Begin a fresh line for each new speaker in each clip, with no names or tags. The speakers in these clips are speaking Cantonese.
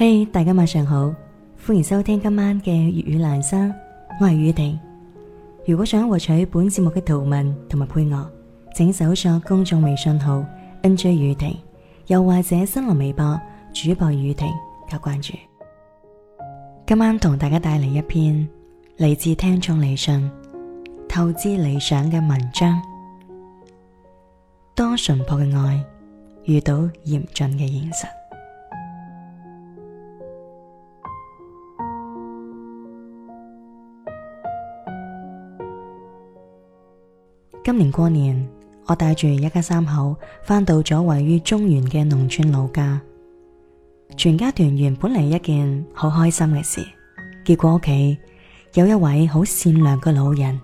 嘿，hey, 大家晚上好，歡迎收聽今晚嘅粵語蘭生，我係宇婷。如果想獲取本節目嘅圖文同埋配樂，請搜索公眾微信號 NJ 宇婷，又或者新浪微博主播宇婷加關注。今晚同大家帶嚟一篇嚟自聽眾嚟信透支理想嘅文章。當淳樸嘅愛遇到嚴峻嘅現實。今年過年，我帶住一家三口翻到咗位於中原嘅農村老家，全家團圓本嚟一件好開心嘅事，結果屋企有一位好善良嘅老人，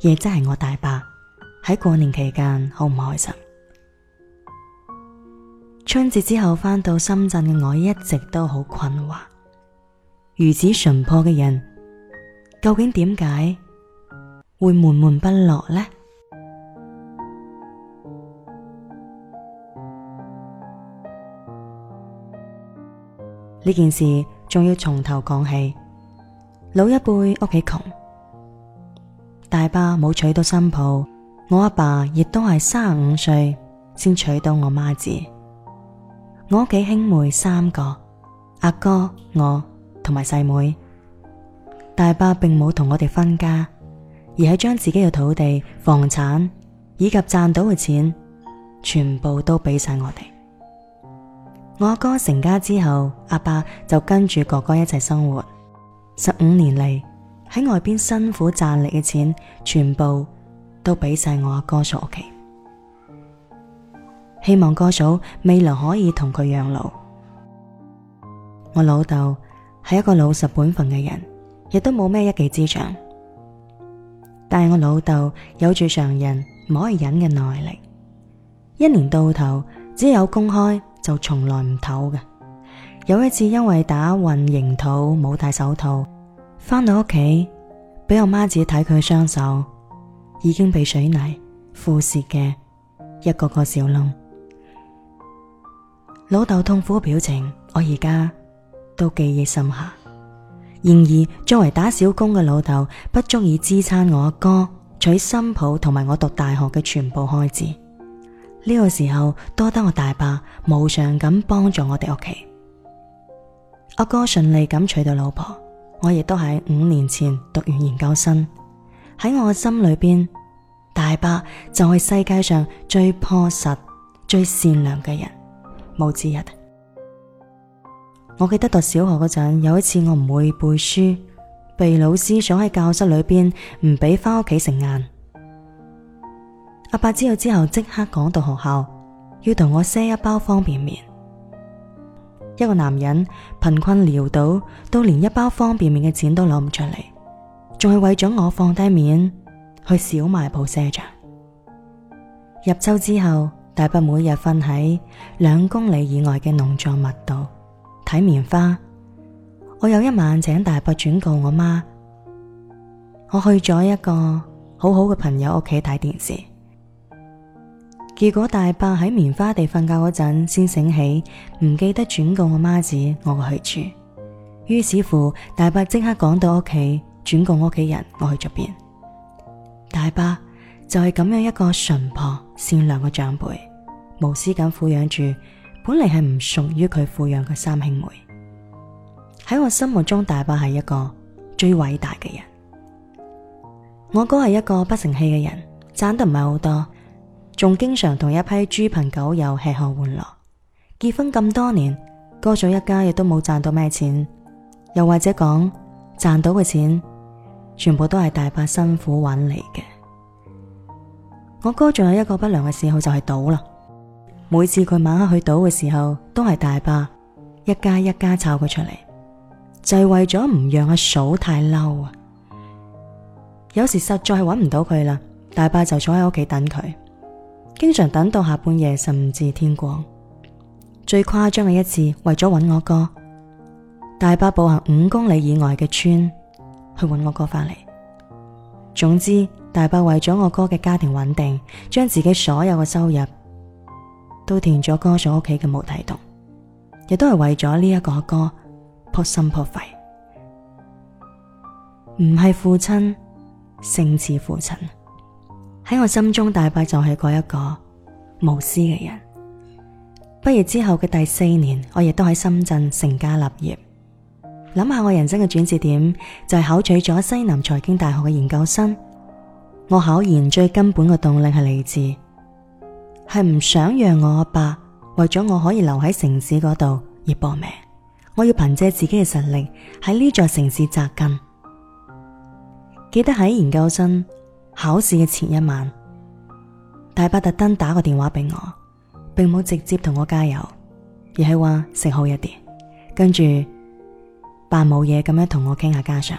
亦即係我大伯，喺過年期間好唔開心。春節之後翻到深圳嘅我一直都好困惑，如此淳樸嘅人，究竟點解會悶悶不樂呢？呢件事仲要從頭講起，老一輩屋企窮，大爸冇娶到新抱，我阿爸亦都係三十五歲先娶到我媽子。我屋企兄妹三個，阿哥我同埋細妹，大爸並冇同我哋分家，而係將自己嘅土地、房產以及賺到嘅錢，全部都俾晒我哋。我阿哥成家之後，阿爸，爸就跟住哥哥一齊生活，十五年嚟，喺外邊辛苦賺嚟嘅錢，全部都俾晒我阿哥嫂屋企，希望哥嫂未來可以同佢養老。我老豆係一個老實本分嘅人，亦都冇咩一技之長，但係我老豆有住常人唔可以忍嘅耐力，一年到頭只有工開。就從來唔唞嘅。有一次，因為打混凝土冇戴手套，翻到屋企俾我媽子睇佢雙手已經被水泥腐蝕嘅一個個小窿，老豆痛苦嘅表情，我而家都記憶深刻。然而，作為打小工嘅老豆，不足以支撐我阿哥娶新抱同埋我讀大學嘅全部開支。呢個時候，多得我大伯無償咁幫助我哋屋企，阿哥順利咁娶到老婆，我亦都喺五年前讀完研究生。喺我心裏邊，大伯就係世界上最樸實、最善良嘅人，冇之一。我記得讀小學嗰陣，有一次我唔會背書，被老師鎖喺教室裏邊唔俾翻屋企食晏。阿伯知道之後，即刻趕到學校，要同我賒一包方便麵。一個男人貧困潦倒，都連一包方便麵嘅錢都攞唔出嚟，仲係為咗我放低面去小賣部賒賬。入秋之後，大伯每日瞓喺兩公里以外嘅農作物度睇棉花。我有一晚請大伯轉告我媽，我去咗一個好好嘅朋友屋企睇電視。結果大伯喺棉花地瞓覺嗰陣，先醒起唔記得轉告我媽子我嘅去處。於是乎，大伯即刻趕到屋企，轉告屋企人我去咗邊。大伯就係咁樣一個淳朴善良嘅長輩，無私咁撫養住本嚟係唔屬於佢撫養嘅三兄妹。喺我心目中，大伯係一個最偉大嘅人。我哥係一個不成器嘅人，賺得唔係好多。仲經常同一批豬朋狗友吃喝玩樂。結婚咁多年，哥嫂一家亦都冇賺到咩錢，又或者講賺到嘅錢全部都係大伯辛苦揾嚟嘅。我哥仲有一個不良嘅嗜好就係賭啦。每次佢晚黑去賭嘅時候，都係大伯一家一家抄佢出嚟，就係、是、為咗唔讓阿嫂，嫂太嬲啊。有時實在係揾唔到佢啦，大伯就坐喺屋企等佢。經常等到下半夜甚至天光，最誇張嘅一次為咗搵我哥，大伯步行五公里以外嘅村去搵我哥翻嚟。總之，大伯為咗我哥嘅家庭穩定，將自己所有嘅收入都填咗哥嫂屋企嘅無底洞，亦都係為咗呢一個哥撲心撲肺，唔係父親，勝似父親。喺我心中，大伯就係嗰一個無私嘅人。畢業之後嘅第四年，我亦都喺深圳成家立業。諗下我人生嘅轉折點，就係考取咗西南財經大學嘅研究生。我考研最根本嘅動力係嚟自，係唔想讓我阿爸為咗我可以留喺城市嗰度而搏命。我要憑借自己嘅實力喺呢座城市紮根。記得喺研究生。考試嘅前一晚，大伯特登打個電話俾我，並冇直接同我加油，而係話食好一啲，跟住扮冇嘢咁樣同我傾下家常。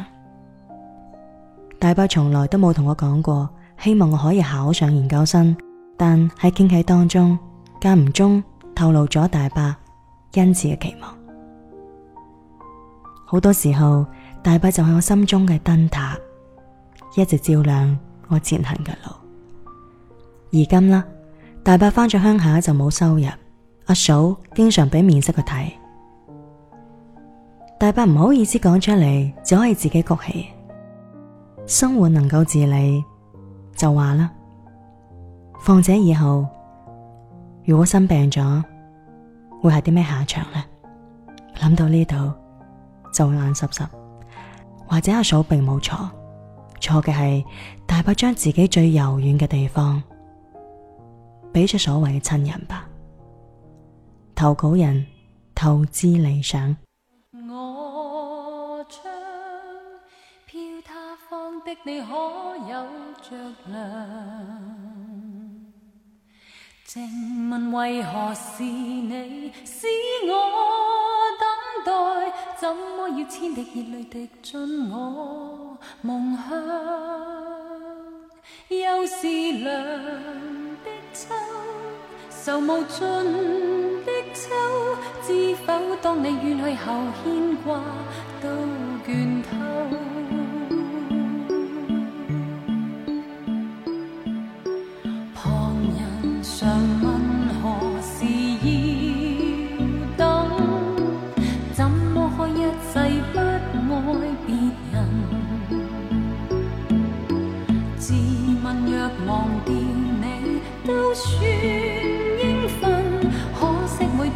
大伯從來都冇同我講過希望我可以考上研究生，但喺傾偈當中間唔中透露咗大伯殷切嘅期望。好多時候，大伯就係我心中嘅燈塔，一直照亮。我前行嘅路，而今啦，大伯翻咗鄉下就冇收入，阿嫂經常俾面色佢睇，大伯唔好意思講出嚟，只可以自己焗氣。生活能夠自理就話啦，況且以後如果生病咗，會係啲咩下場呢？諗到呢度就會眼濕濕，或者阿嫂並冇錯。錯嘅係，大伯將自己最柔軟嘅地方，俾咗所謂嘅親人吧。投稿人透支理想。
我我？」的你你？可有着正何是要千滴熱淚滴進我夢鄉，又是涼的秋，愁無盡的秋，知否當你遠去後，牽掛都倦透。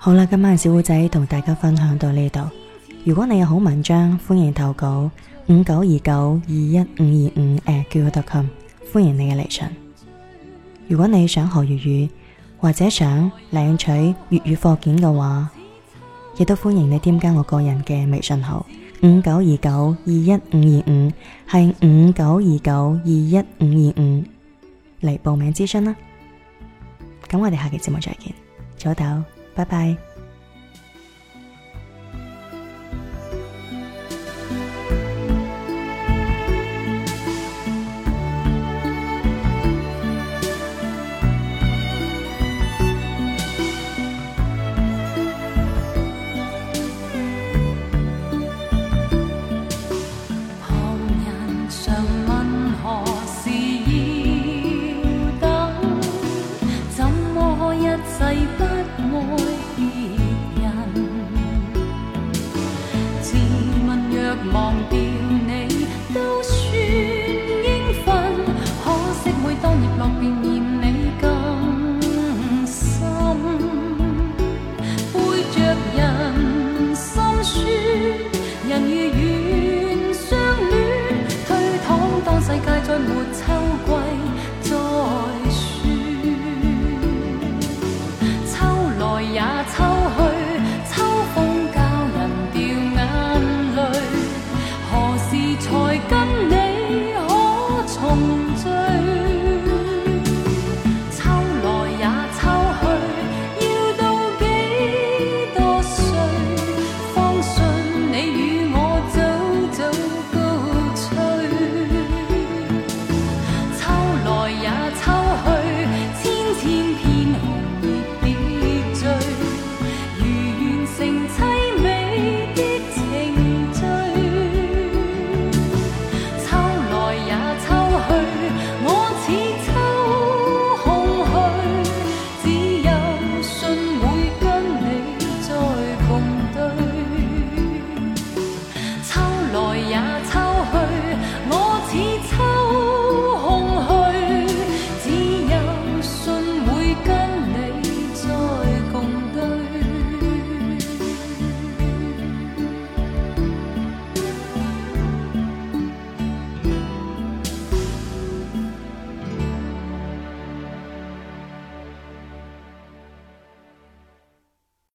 好啦，今晚小虎仔同大家分享到呢度。如果你有好文章，歡迎投稿五九二九二一五二五 @QQ.com，歡迎你嘅嚟信。如果你想學粵語或者想領取粵語課件嘅話，亦都歡迎你添加我個人嘅微信號五九二九二一五二五，係五九二九二一五二五嚟報名諮詢啦。咁我哋下期節目再見，早唞。拜拜。
自問若忘掉。